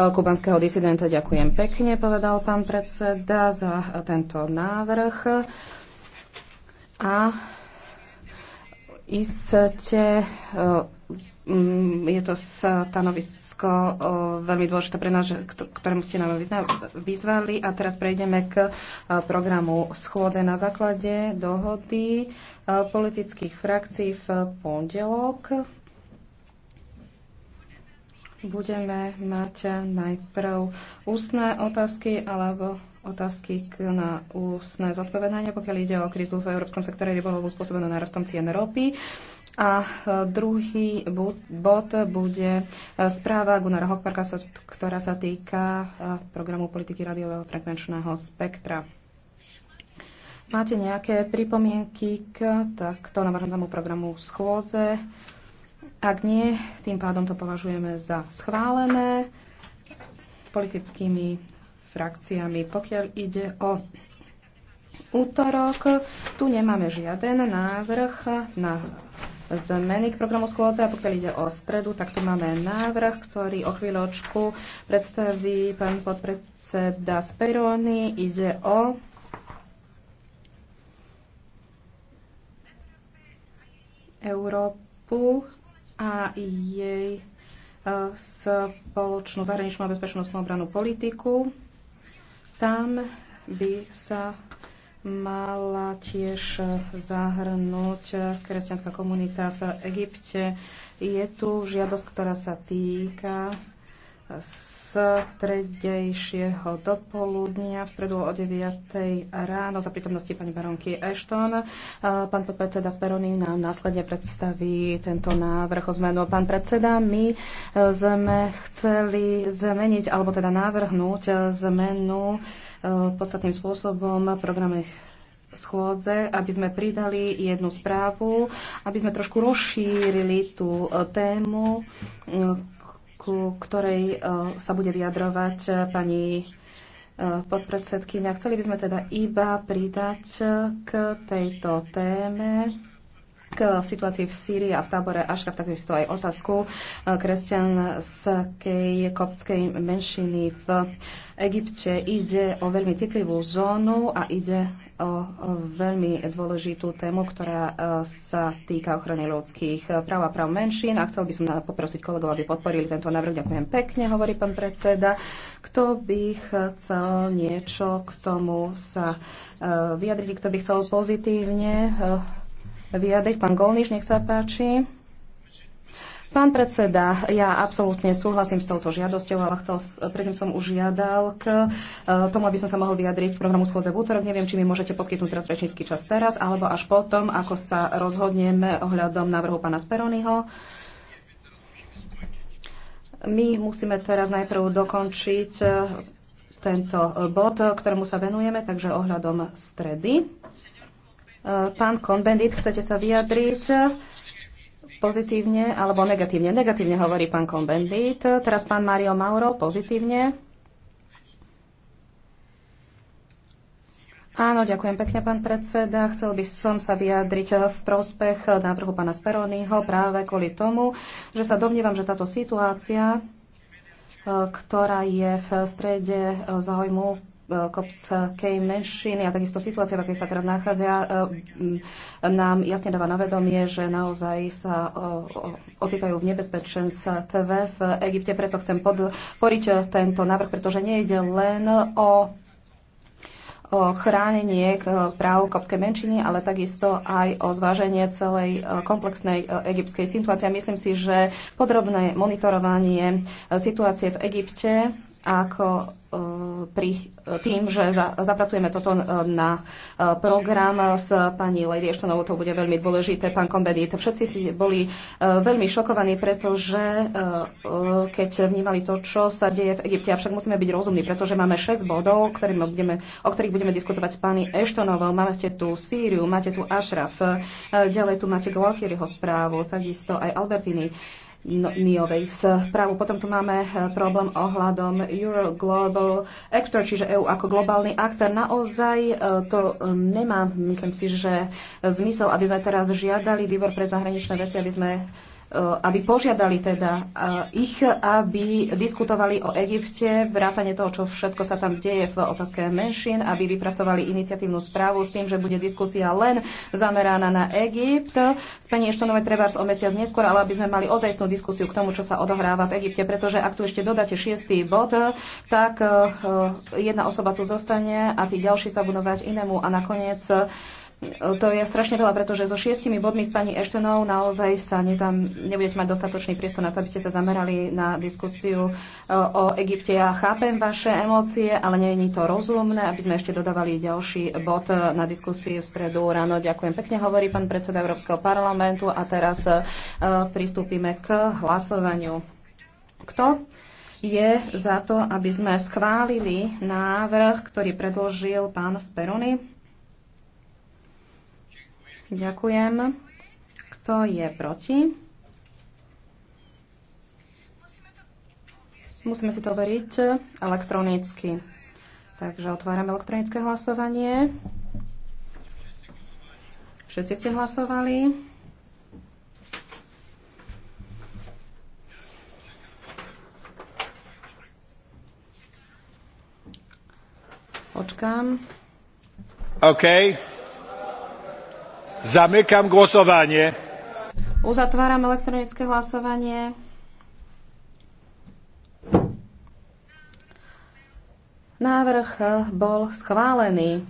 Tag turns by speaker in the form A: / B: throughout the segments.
A: E, kubanského disidenta. Ďakujem pekne, povedal pán predseda, za tento návrh. A iste e, je to stanovisko e, veľmi dôležité pre nás, ktorému ste nám vyzvali. A teraz prejdeme k programu schôdze na základe dohody politických frakcií v pondelok budeme mať najprv ústne otázky alebo otázky na ústne zodpovedanie, pokiaľ ide o krizu v európskom sektore rybolovu spôsobenú narastom cien ropy. A e, druhý bod bude e, správa Gunara Hokparka, ktorá sa týka e, programu politiky radiového frekvenčného spektra. Máte nejaké pripomienky k takto navrhnutému programu schôdze? Ak nie, tým pádom to považujeme za schválené politickými frakciami. Pokiaľ ide o útorok, tu nemáme žiaden návrh na zmeny k programu schôdze. A pokiaľ ide o stredu, tak tu máme návrh, ktorý o chvíľočku predstaví pán podpredseda Speroni. Ide o Európu a jej e, spoločnú zahraničnú a bezpečnostnú obranú politiku. Tam by sa mala tiež zahrnúť kresťanská komunita v Egypte. Je tu žiadosť, ktorá sa týka tredejšieho dopoludnia v stredu o 9. ráno za prítomnosti pani baronky Ashton. Pán podpredseda Speroni nám následne predstaví tento návrh o zmenu. Pán predseda, my e, sme chceli zmeniť, alebo teda navrhnúť e, zmenu e, podstatným spôsobom programy schôdze, aby sme pridali jednu správu, aby sme trošku rozšírili tú tému, ku ktorej e, sa bude vyjadrovať e, pani e, podpredsedkynia. Chceli by sme teda iba pridať k tejto téme k situácii v Sýrii a v tábore Ašraf takisto aj otázku kresťanskej koptskej menšiny v Egypte. Ide o veľmi citlivú zónu a ide o veľmi dôležitú tému, ktorá e, sa týka ochrany ľudských práv a práv menšín. A chcel by som poprosiť kolegov, aby podporili tento návrh. Ďakujem pekne, hovorí pán predseda. Kto by chcel niečo k tomu sa e, vyjadriť, kto by chcel pozitívne e, vyjadriť? Pán Golniš, nech sa páči. Pán predseda, ja absolútne súhlasím s touto žiadosťou, ale chcel, predtým som už žiadal k eh, tomu, aby som sa mohol vyjadriť k programu schôdze v útorok. Neviem, či mi môžete poskytnúť teraz rečnícky čas teraz, alebo až potom, ako sa rozhodneme ohľadom návrhu pána Speronyho. My musíme teraz najprv dokončiť eh, tento bod, ktorému sa venujeme, takže ohľadom stredy. Eh, pán Konbendit, chcete sa vyjadriť? Pozitívne alebo negatívne? Negatívne hovorí pán Konbendit. Teraz pán Mario Mauro, pozitívne. Áno, ďakujem pekne, pán predseda. Chcel by som sa vyjadriť v prospech návrhu pána Speronyho práve kvôli tomu, že sa domnívam, že táto situácia ktorá je v strede záujmu koptskej menšiny a takisto situácia, v akej sa teraz nachádza, e, nám jasne dáva na vedomie, že naozaj sa ocitajú v nebezpečenstve v Egypte. Preto chcem podporiť tento návrh, pretože nejde len o o chránenie e, práv kopskej menšiny, ale takisto aj o zváženie celej e, komplexnej egyptskej situácie. Myslím si, že podrobné monitorovanie situácie v Egypte ako pri tým, že za, zapracujeme toto e, na e, program s pani Lady Eštonovou, to bude veľmi dôležité, pán Kombedit. Všetci si boli e, veľmi šokovaní, pretože keď vnímali to, čo sa deje v Egypte, avšak musíme byť rozumní, pretože máme 6 bodov, ktorým budeme, o ktorých budeme diskutovať s pani Eštonovou. Máte tu Sýriu, máte tu Ašraf, ďalej tu máte Gualtieriho správu, takisto aj Albertini No, Niovej správu. Potom tu máme eh, problém ohľadom Euro Global Actor, čiže EU ako globálny aktor. Naozaj eh, to eh, nemá, myslím si, že zmysel, aby sme teraz žiadali výbor pre zahraničné veci, aby sme Eh, aby požiadali teda eh, ich, aby diskutovali o Egypte, vrátane toho, čo všetko sa tam deje v otázke menšín, aby vypracovali iniciatívnu správu s tým, že bude diskusia len zameraná na Egypt. Spenie nové trebárs o mesiac neskôr, ale aby sme mali ozajstnú diskusiu k tomu, čo sa odohráva v Egypte, pretože ak tu ešte dodáte šiestý bod, tak eh, jedna osoba tu zostane a tí ďalší sa budú vať inému a nakoniec to je strašne veľa, pretože so šiestimi bodmi s pani Eštenou naozaj sa nezam, nebudete mať dostatočný priestor na to, aby ste sa zamerali na diskusiu e, o Egypte. Ja chápem vaše emócie, ale nie je to rozumné, aby sme ešte dodávali ďalší bod na diskusii v stredu ráno. Ďakujem pekne, hovorí pán predseda Európskeho parlamentu a teraz e, pristúpime k hlasovaniu. Kto? je za to, aby sme schválili návrh, ktorý predložil pán Speroni. Ďakujem. Kto je proti? Musíme si to overiť elektronicky. Takže otváram elektronické hlasovanie. Všetci ste hlasovali.
B: Počkám. OK. Zamykam głosowanie.
A: Uzatváram elektronické hlasovanie. Návrh eh, bol schválený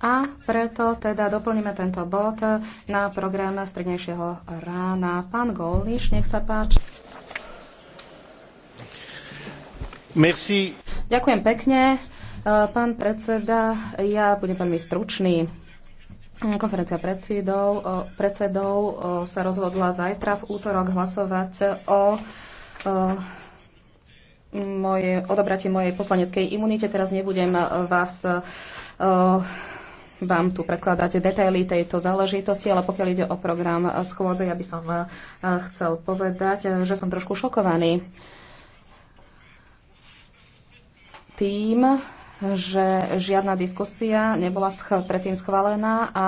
A: a preto teda doplníme tento bod na program strednejšieho rána. Pán Golniš, nech sa páči. Merci. Ďakujem pekne. Eh, pán predseda, ja budem veľmi stručný. Konferencia predsedov, predsedov sa rozhodla zajtra v útorok hlasovať o, o moje, odobratie mojej poslaneckej imunite. Teraz nebudem vás o, vám tu predkladáte detaily tejto záležitosti, ale pokiaľ ide o program schôdze, ja by som e, chcel povedať, že som trošku šokovaný tým, že žiadna diskusia nebola sch- predtým schválená a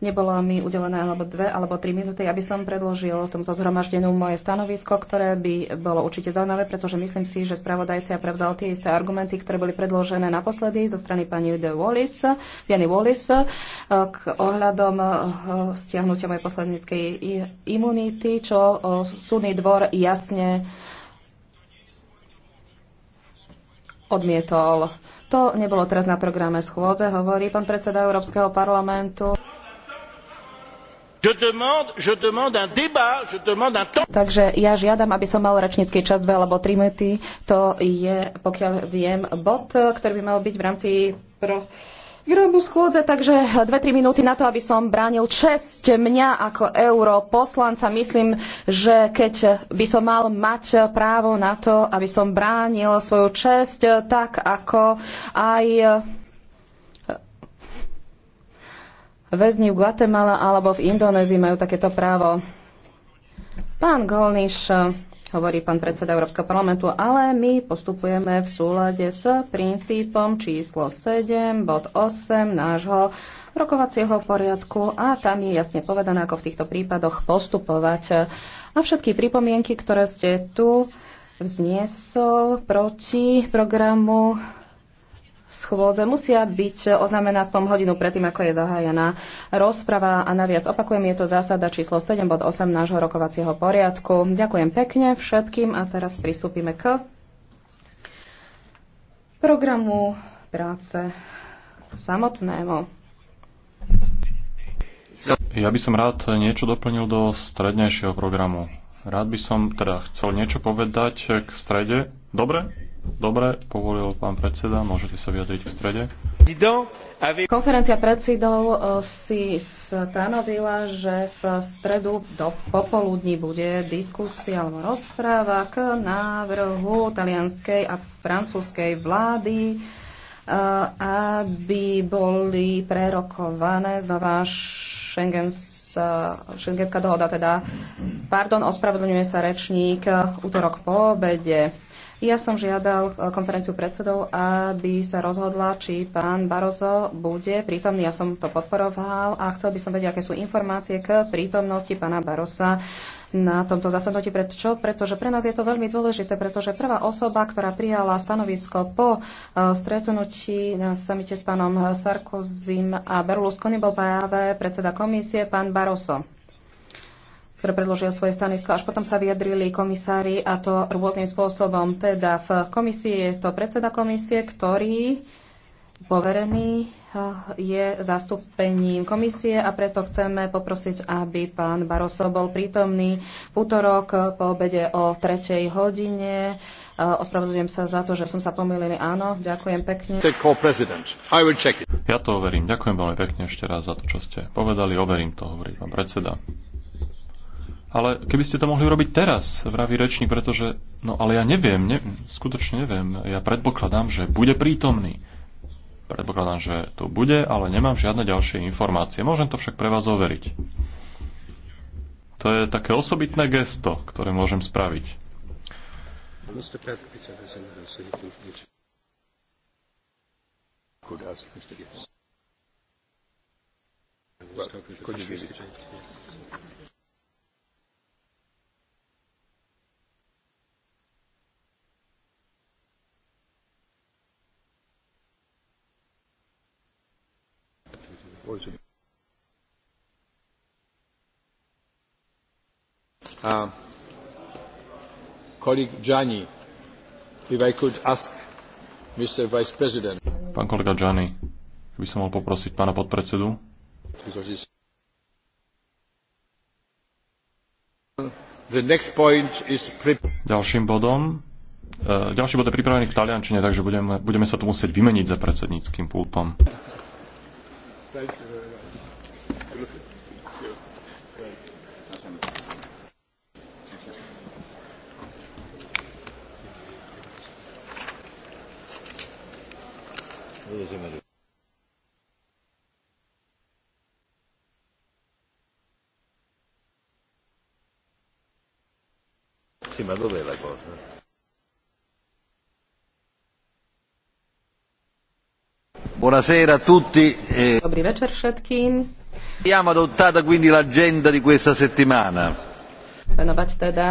A: nebolo mi udelené alebo dve alebo tri minúty, aby som predložil tomuto zhromaždenú moje stanovisko, ktoré by bolo určite zaujímavé, pretože myslím si, že spravodajcia prevzal tie isté argumenty, ktoré boli predložené naposledy zo strany pani de Wallis, Jany Wallis, eh, k ohľadom eh, stiahnutia mojej posledníckej imunity, čo eh, súdny dvor jasne odmietol. To nebolo teraz na programe schôdze, hovorí pán predseda Európskeho parlamentu.
B: Je demande, je demande un débat, je demande un
A: temps... Takže ja žiadam, aby som mal rečnícky čas 2 alebo 3 minúty. To je, pokiaľ viem, bod, ktorý by mal byť v rámci pro k schôdze, takže 2-3 minúty na to, aby som bránil čest mňa ako europoslanca. Myslím, že keď by som mal mať právo na to, aby som bránil svoju čest, tak ako aj väzni v Guatemala alebo v Indonézii majú takéto právo. Pán Golniš, hovorí pán predseda Európskeho parlamentu, ale my postupujeme v súlade s princípom číslo 7, bod 8 nášho rokovacieho poriadku a tam je jasne povedané, ako v týchto prípadoch postupovať. A všetky pripomienky, ktoré ste tu vzniesol proti programu schôdze musia byť oznámená aspoň hodinu predtým, ako je zahájená rozprava. A naviac opakujem, je to zásada číslo 7 bod 8 nášho rokovacieho poriadku. Ďakujem pekne všetkým a teraz pristúpime k programu práce samotnému.
B: Ja by som rád niečo doplnil do strednejšieho programu. Rád by som teda chcel niečo povedať k strede. Dobre? Dobre, povolil pán predseda, môžete sa vyjadriť k strede.
A: Konferencia predsedov e, si stanovila, že v stredu do popoludní bude diskusia alebo rozpráva k návrhu talianskej a francúzskej vlády e, aby boli prerokované znova šengenská e, dohoda. Teda, pardon, ospravedlňuje sa rečník útorok po obede. Ja som žiadal eh, konferenciu predsedov, aby sa rozhodla, či pán Barozo bude prítomný. Ja som to podporoval a chcel by som vedieť, aké sú informácie k prítomnosti pána Barosa na tomto zasadnutí. Prečo? Pretože pre nás je to veľmi dôležité, pretože prvá osoba, ktorá prijala stanovisko po eh, stretnutí na samite s pánom Sarkozym a Berlusconi, bol práve predseda komisie, pán Baroso ktoré predložia svoje stanovisko, až potom sa vyjadrili komisári a to rôznym spôsobom. Teda v komisii je to predseda komisie, ktorý poverený eh, je zastúpením komisie a preto chceme poprosiť, aby pán Baroso bol prítomný v útorok po obede o 3. hodine. Eh, ospravedlňujem sa za to, že som sa pomýlil. Áno, ďakujem pekne.
B: Ja to overím. Ďakujem veľmi pekne ešte raz za to, čo ste povedali. Overím to, hovorí pán predseda. Ale keby ste to mohli urobiť teraz, vraví rečník, pretože, no ale ja neviem, ne, skutočne neviem, ja predpokladám, že bude prítomný. Predpokladám, že to bude, ale nemám žiadne ďalšie informácie. Môžem to však pre vás overiť. To je také osobitné gesto, ktoré môžem spraviť. Could ask Mr. Gibbs. Uh, colleague Gianni, if I could ask Mr. Vice President. Pán kolega Gianni, by som mohol poprosiť pána podpredsedu. The next point is Ďalším bodom uh, ďalší bod je pripravený v taliančine, takže budeme, budeme sa tu musieť vymeniť za predsedníckým pultom. Thank you. rozumelő. Sì, ma dov'è la cosa? Buonasera a tutti. Eh, Dobrý večer
A: všetkým.
B: Abbiamo adottata quindi l'agenda di questa settimana.
A: Venovať teda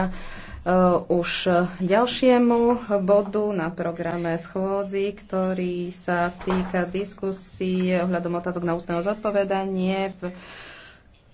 A: Uh, už ďalšiemu bodu na programe schôdzi, ktorý sa týka diskusie ohľadom otázok na ústne zodpovedanie v